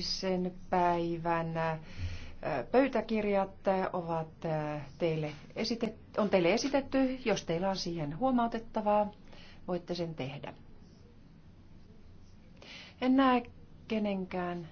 sen päivän pöytäkirjat ovat teille esitet, on teille esitetty. Jos teillä on siihen huomautettavaa, voitte sen tehdä. En näe kenenkään